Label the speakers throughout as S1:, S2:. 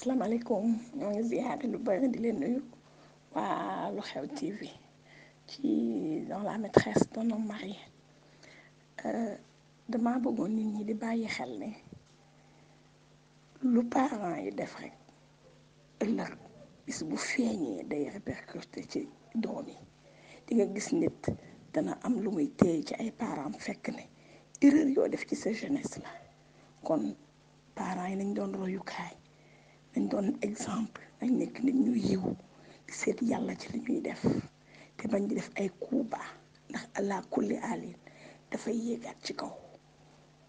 S1: asalaamaaleykum ñoo lu bëri di leen nuyu
S2: waa lu xew TV ci dans la maîtresse d'un homme euh, dama bëggoon nit ñi di bàyyi xel ne lu parents yi def rek ëllëg bis bu feeñee day répercuté ci doom yi di nga gis nit dana am lu muy téye ci ay parents fekk ne erreur yoo def ci sa jeunesse la kon parents yi nañ doon royukaay dañ doon exemple dañ nekk nit ñu yiw di seet yàlla ci li ñuy def te bañ di def ay kuuba ndax allah li alin dafay yéegaat ci kaw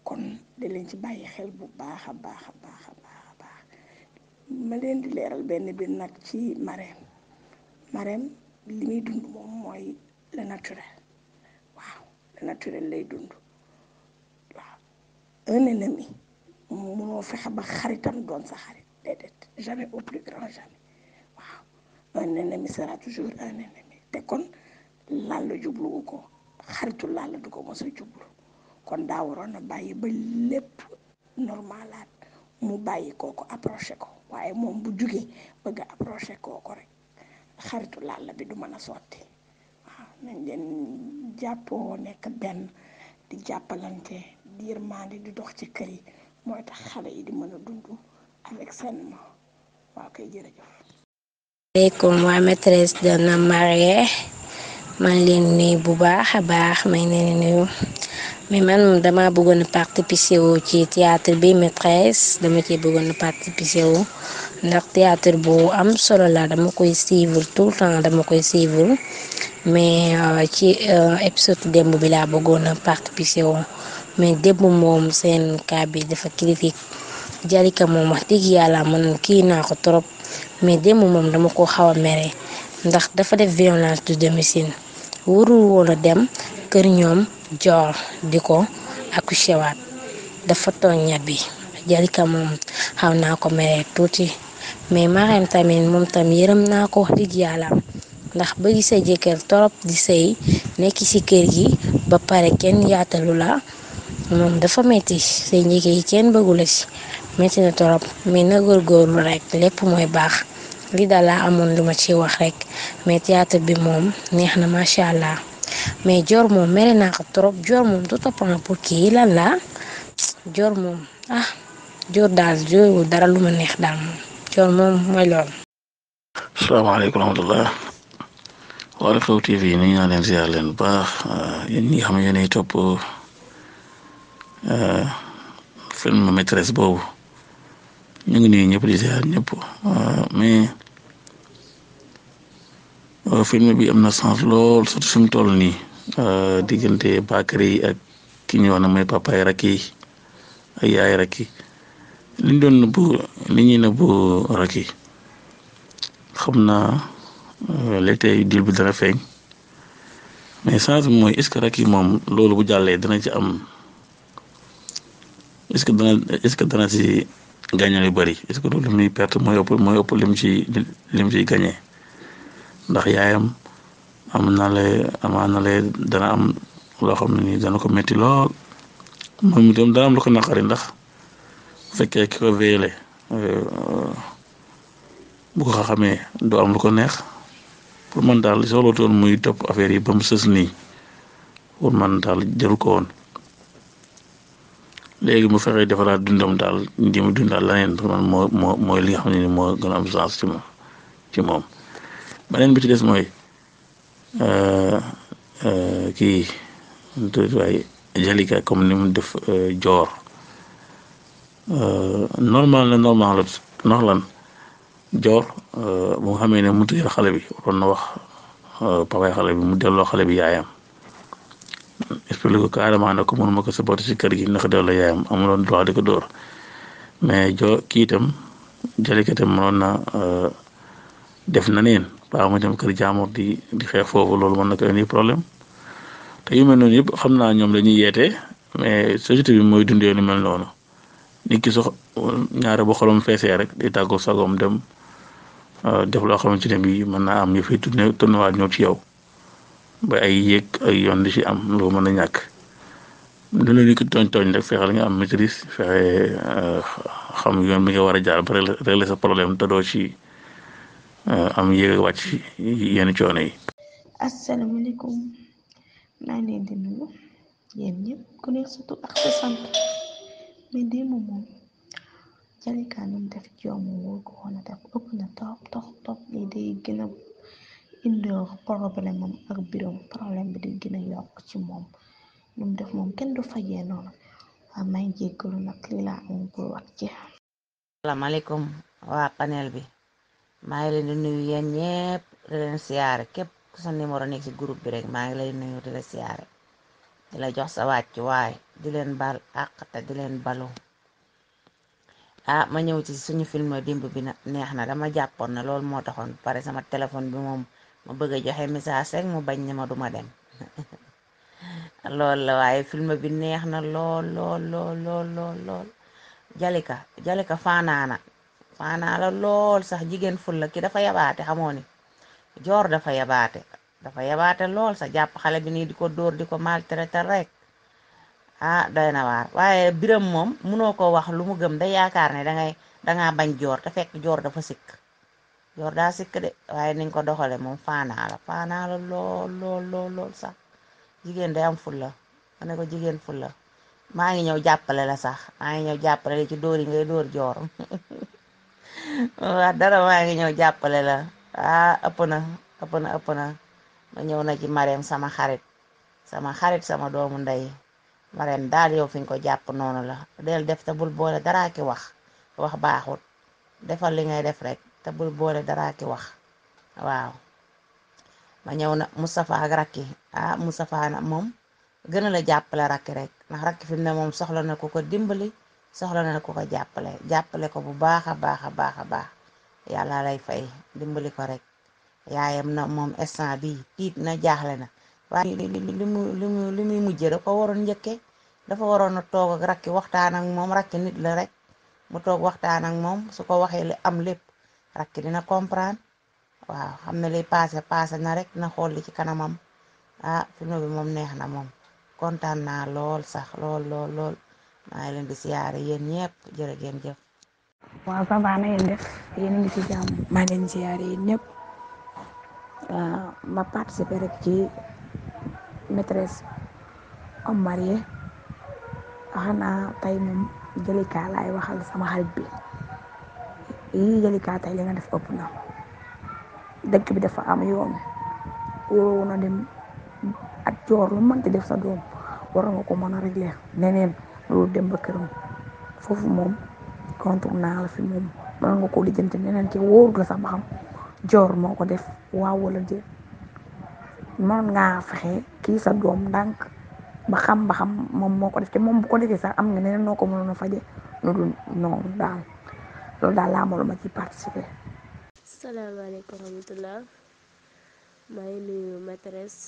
S2: kon da leen ci bàyyi xel bu baax a baax a baax a baax a baax ma leen di leeral benn bi nag ci mareem mareem li muy dund moom mooy la naturel waaw le naturel lay dund waaw fexe ba xaritam doon sa déedéet jamais au plus grand jamais waaw un ennemi sera toujours un ennemi te kon Lalla jubluwu ko xaritu Lalla du ko mos jublu kon daa waroon a bàyyi ba lépp normalaat mu bàyyi kooku approché ko waaye moom bu jugee bëgg a approché kooku rek xaritu Lalla bi du mën a sotti waaw leen jàppoo nekk benn di jàppalante di yërmande di dox ci kër yi mooy tax xale yi di mën a dund avec saignement waaw kay jërëjëf.
S3: maaleykum waa maîtresse d'un homme marié leen nuyu bu baax a baax may leen nuyu mais man dama bëggoon a participer ci théâtre bi maîtresse dama ci bëggoon a participer wu ndax théâtre bu am solo la dama koy suivre tout le temps dama koy suivre mais euh, ci euh, épisode démb bi laa bëggoon a participer wu mais démb moom seen cas bi dafa critique Jalika moom wax dëgg yàlla man kii naa ko trop mais démb moom dama ko xaw a mere ndax dafa def violence du domicile warul woon a dem kër ñoom joor di ko accouché waat dafa ton ñat bi Jalika moom xaw naa ko mere tuuti mais Marème tamit moom tamit yërëm naa ko wax dëgg yàlla ndax bëgg sa jëkkër trop di sëy nekk ci kër gi ba pare kenn yaatalu la moom dafa metti say njëkk yi kenn bëggu la metti na torop mais na góorgóorlu rek lépp mooy baax li daal laa amoon lu ma ci wax rekk mais théâtre bi moom neex na macha allah mais Dior moom mere naa ko trop Dior moom du toppandoo pour kii lan la Dior moom ah, dara lu ma neex daal moom
S4: TV nii naa leen ziar leen baax yéen ñi xam ne topp. Euh, film maîtresse boobu ñu ngi nuyu ñëpp di ziar ñëpp mais film bi am na sens lool surtout fi toll nii euh, diggante Bakary yi ak ki ñu wax ne mooy papa yi rakk ak yaay rakk yi li ñu doon nëbbu li ñuy nëbbu rakk yi xam naa euh, léeg dil bi dana feeñ mais sens mooy est-ce que rakk yi moom loolu bu jàllee dana ci am. est que dana est-ce que dana si gagné lu bari est-ce que loolu li muy perte mooy ëpp mooy ciy gagné ndax yaayam am na le amaa na le dana am loo xam ne nii dana ko métti lool moom itam dana am lu ko naqari ndax bu fekkee ki ko veele euh, xamee doo am ko neex pour man daal soxlootoon muy topp affaire yi mu sës nii pour man daal jëru woon. léegi mu fexee defaraat dundam daal di mu dundaal leneen pour man moo moo mooy li nga xam ne ni moo gën a am sens ci moom ci moom beneen bi ci des mooy euh, euh, kii waaye Jalika comme ni mu def euh, joor normal na normal la ndax lan joor bu nga xamee ne mu tëjal xale bi waroon na wax papaay xale bi mu delloo xale bi yaayam expliqué ko carrément ne ko mënuma ko supporté si kër gi ndax daw la yaayam amuloon droit di ko dóor mais jo kii itam Jalika itam mënoon na euh, def na neen waaw mu dem kër jaamur di di xeex foofu loolu mën na ko indi problème te yu mel noonu yëpp xam naa ñoom dañuy yeete mais société bi mooy dundee lu mel noonu nit ki ñaaree ñaare ba xolam feesee rek di tàggu sagoom dem euh, def loo xamante ne bii mën naa am ñu fiy tourné tourné waat ñëw ci yow. ba ay yéeg ay yoon di ci am loo mën a ñàkk lu la nit ki tooñ tooñ rek fexeel nga am maîtrise fexe euh, xam yoon bi nga war a jaar ba régler sa problème te doo ci euh, am yéeg wàcc yenn coono yi.
S2: asalaamaaleykum maa ngi leen di nuyu yéen ñëpp ku nekk surtout ak sa sant mais moom Jalika ni mu def jom woo ko woon a def ëpp na trop trop trop lii day gën indil problème bi di gën a yokk ci moom lu mu def moom kenn du fajee noonu waa may jéggalu nag lii laa am pour wax ci
S5: salaamaaleykum waa panel bi maa ngi leen di nuyu yéen ñépp di képp ku sa numéro nekk ci groupe bi rek maa ngi lay nuyu di la siyaare di la jox sa wàcc waay di leen bal àq di leen balu ah ma ñëw ci suñu film dimb bi neex na dama jàppoon na loolu moo taxoon pare sama téléphone bi moom mu bëgg a joxe message rek mu bañ ne ma duma dem lool la waaye film bi neex na lool lool lool lool lool lool Jalika Jalika faanaana faanaa la lool sax jigéen ful la ki dafa yabaate xamoo ni joor dafa yabaate dafa yabaate lool sax jàpp xale bi nii di ko dóor di ko maltraité rek ah doy na waar waaye biram moom munoo ko wax lu mu gëm da yaakaar ne dangay danga bañ joor te fekk joor dafa sikk yor daa sikk de waaye niñ ko doxale moom faanaa la faanaa la lool lool lool sax jigéen de am fulla la ne ko jigéen fulla maa ngi ñëw jàppale la sax maa ngi ñëw jàppale la ci dóor yi ngay dóor joor waa dara maa ngi ñëw jàppale la ah ëpp na ëpp na ëpp na ma ñëw na ci Marème sama xarit sama xarit sama doomu ndey Marème daal yow fi nga ko jàpp noonu la del def te bul boole daraa ki wax wax baaxut defal li ngay def rek te bu boole daraa ki wax waaw ma ñëw na Moustapha ak rakki ah Moustapha moom gën a la jàppale rakki rek ndax rakki fi ne moom soxla na ku ko dimbali soxla na ku ko jàppale jàppale ko bu baax a baax a baax a baax yàlla lay fay dimbali ko rek yaayam na moom instant bi tiit na jaaxle na waaye li mu li li muy mujjee da ko waroon njëkkee dafa waroon a toog ak rakki waxtaan ak moom rakki nit la rek mu toog waxtaan ak moom su ko waxee li am lépp rakk dina comprendre waaw xam ne liy passé passé na rek na xool li ci kanamam ah film bi moom neex na moom kontaan naa lool sax lool lool lool maa ngi leen di siyaare yéen ñëpp jërë ngeen jëf. waaw maa ngi leen di siyaare yéen
S2: ah, ma participer rek ci maîtresse homme marié xanaa tey moom jëli kaa laay waxal sama xarit yii Jalika tey li nga def ëpp na dëkk bi dafa am yoon waroon dem ak joor lu ci def sa doom war nga ko mën a régler neneen loolu dem ba këram foofu moom contournant la fi moom mën nga ko lijjanti neneen ci wóorul la sax joor moo ko def waaw wala déet mën ngaa fexe kii sa doom ndànk ba xam ba xam moom moo ko def te moom bu ko defee sax am nga neneen noo ko mënoon a faje lu noonu daal loolu daal laa mënoon ma ci participer.
S3: salaamaaleykum wa rahmatulah maa ngi nuyu maîtresse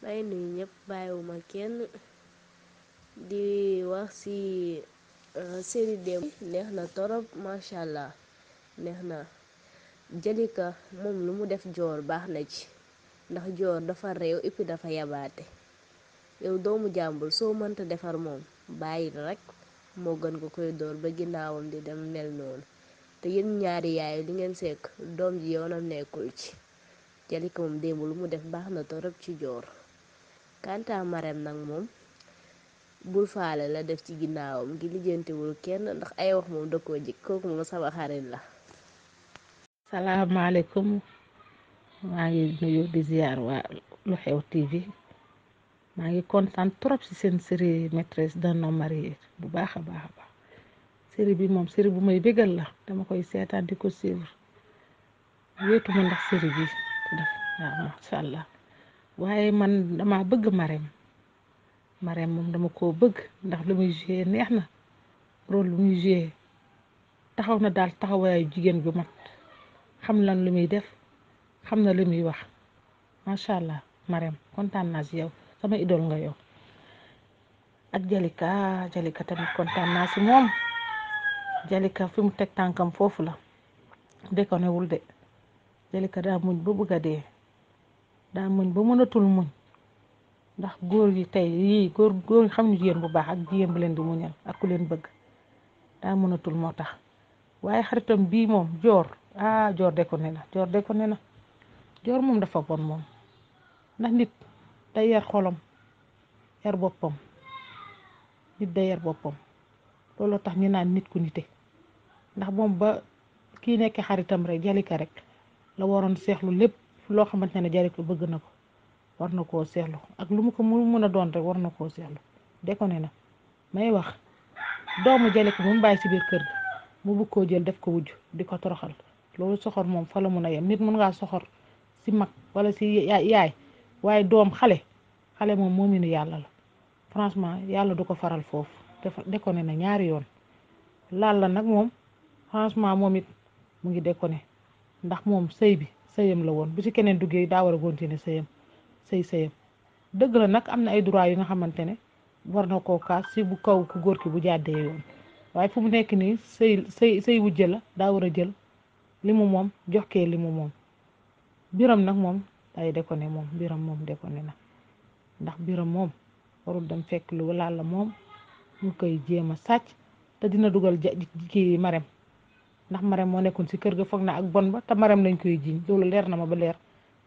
S3: maa ngi bàyyiwuma kenn di wax ci euh, série démb neex na torop macha allah neex na Jalika moom lu mu def joor baax na ci ndax joor dafa réew et dafa yabaate yow doomu jàmbur soo mënta defar moom bàyyi rekk moo gën ko koy dóor ba ginnaawam di dem mel noonu te yéen ñaari yaay li ngeen sekk doom ji yoonam nekkul ci jalika démb lu mu def baax na torop ci joor kanta marem nag moom bul faale la def ci ginnaawam gi lijjantiwul kenn ndax ay wax moom da koo jik kooku moom sama xarit la
S1: salaamaaleykum maa ngi nuyu di ziar waa lu xew tv maa ngi kontaan trop si seen série maîtresse d'un homme marié bu baax a baax a baax bi moom série bu may bégal la dama koy seetaan di ko suivre wéetu ma bi def allah waaye man dama bëgg Marème Marème moom dama ko bëgg ndax lu muy joué neex na rôle lu muy joué taxaw na daal taxawaayu jigéen bu mat xam lan lu muy def xam na lu muy wax macha allah Marème kontaan na si yow. sama idol nga yow ak Jalika Jalika tamit kontaan naa si moom Jalika fi mu teg tànkam foofu la dékonewul de Jalika daa muñ ba bëgg dee daa muñ ba mënatul muñ ndax góor yi tey yii góor góor xam nu jigéen bu baax ak jigéen bu leen di muñal ak ku leen bëgg daa mënatul moo tax waaye xaritam bii moom joor ah joor déconné na joor déconné na joor moom dafa bon moom ndax nit day yar xolam yar boppam nit day yar boppam looloo tax ñu naan nit ku nite ndax moom ba kii nekk xaritam rek jalika rek la waroon seexlu lépp loo xamante ne jalika bëgg na ko war na koo seexlu ak lu mu ko mu mën a doon rek war na koo seexlu de dekone na may wax doomu jalika mu bàyyi si biir kër gi bëgg koo jël def ko wujj di ko toroxal loolu soxor moom fa la mun a yem nit mun ngaa soxor si mag wala si yaay waaye doom xale xale moom moominu yàlla la franchement yàlla du ko faral foofu dafa déconné na ñaari yoon laal la nag moom franchement moom it mu ngi déconné ndax moom sëy bi sëyam la woon bu ci keneen duggee daa war a continuer sëyam sëy sëyam dëgg la nag am na ay droit yu nga xamante ne war na koo kaas si bu kaw ku góor ki bu jàddee yoon waaye fu mu nekk nii sëy sëy sëy wujj la daa war a jël li mu moom jox kee li mu moom biram nag moom day déconné moom biram moom ne na ndax biram moom warul dem fekk lu laal la moom mu koy jéem a sàcc te dina dugal ja kii marem ndax marem moo nekkoon si kër ga foog na ak bon ba te marem lañ koy jiiñ loolu leer na ma ba leer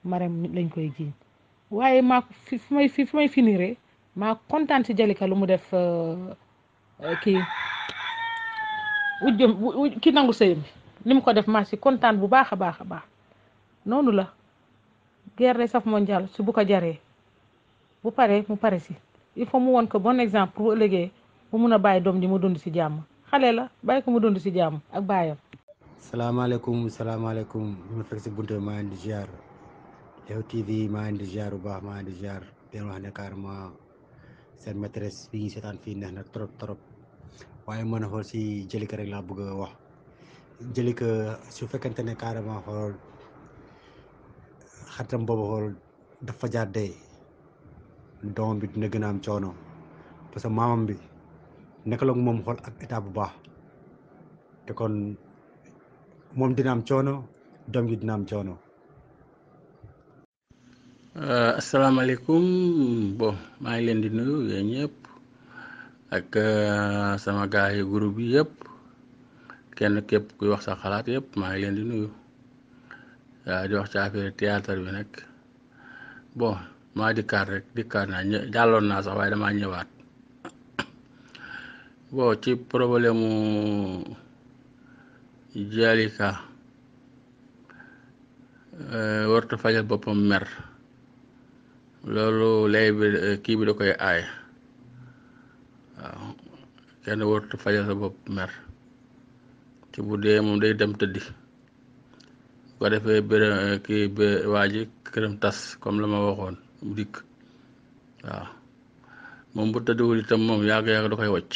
S1: marem lañ koy jiiñ waaye maa ko fi fi may fi fi may finiree maa kontaan si Jalika lu mu def euh, euh, kii wujjam ki nangu sëyam bi ni ko def maa si kontaan bu baax a baax a baax noonu la guerre lay saf mondial si bu ko jaree bu paree mu pare si il faut mu won ko bon exemple bu ëllëgee mu mun a bàyyi doom ji mu dund si jàmm xale la bàyyi ko mu dund si jàmm ak baayam.
S6: salaamaaleykum salaamaaleykum ñu fekk si bunte ma ngi di ziar Leewtoo TV maa ngi di ziar bu baax maa ngi di ziar di wax ne carrément seen maîtresse bi ñu seetaan fii neex na trop trop waaye mën a xool si Jalika rek laa bëgg a wax Jalika su fekkente ne carrément xool. xaritam boobu xool dafa jaar dee doomam bi dina gën a am coono parce que maamam bi nekk la moom xool ak état bu baax te kon moom dina am coono doom bi dina am coono. Euh, asalaamaaleykum bon maa ngi leen di nuyu yéen ñëpp ak euh, sama gars yi groupe yi yëpp kenn képp kuy wax sa xalaat yëpp maa ngi leen di nuyu. waaw di wax ci affaire théâtre bi nag bon maa dikkaat rek dikkaat naa ñë jàlloon naa sax waaye damaa ñëwaat bon ci problème mu Jalika euh, warta fajal boppam mer loolu lay bi kii bi da koy aay waaw kenn warta fajal sa bopp mer ci bu dee moom day dem tëddi ko defee béré ki ba waa ji këram tas comme la ma waxoon mu dikk waaw moom bu tëdduwul itam moom yàgg-yàgg da koy wacc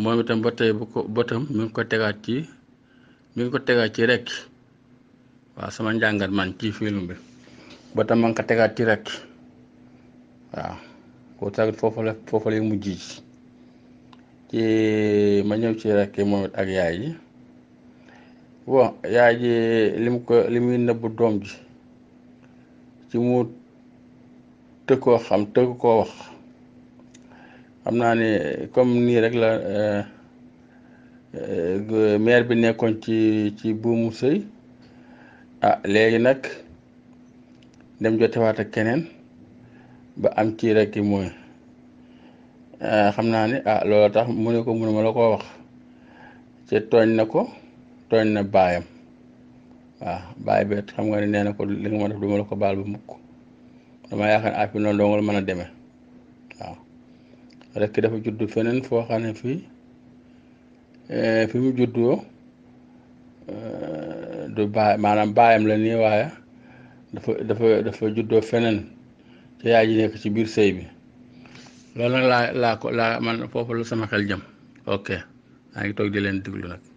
S6: moom itam ba tey bu ko bëtam mi ngi ko tegaat ci mi ngi ko tegaat ci rek waaw sama njàngat man ci film bi bëtam ma ngi ko tegaat ci rek waaw koo tamit foofu la foofu lay mujj ci ma ñëw ci rek moom it ak yaay ji bon yaay ji lim ko li muy nëbb doom ji ci mu tëgg koo xam tëgg koo wax xam naa ne comme nii rek la euh, euh, maire bi nekkoon ci ci buumu sëy ah léegi nag dem jotewaat ak keneen ba am ci rek mooy ah, xam naa ni ah loola tax mu ne ko mënuma la ko wax ci tooñ na ko tooñ na baayam waaw baay bi xam nga ne nee na ko li nga ma def du ma la ko baal ba mukk dama yaakaar ne affaire noonu doo mën a demee waaw rek dafa judd feneen foo xam ne fii eh, fi mu juddoo eh, du baay maanaam baayam la nii waaye dafa dafa dafa juddoo feneen ca yaay ji nekk ci biir sëy bi loolu nag laa laa ko laa man foofu la sama xel jëm ok maa ngi toog di leen déglu nag.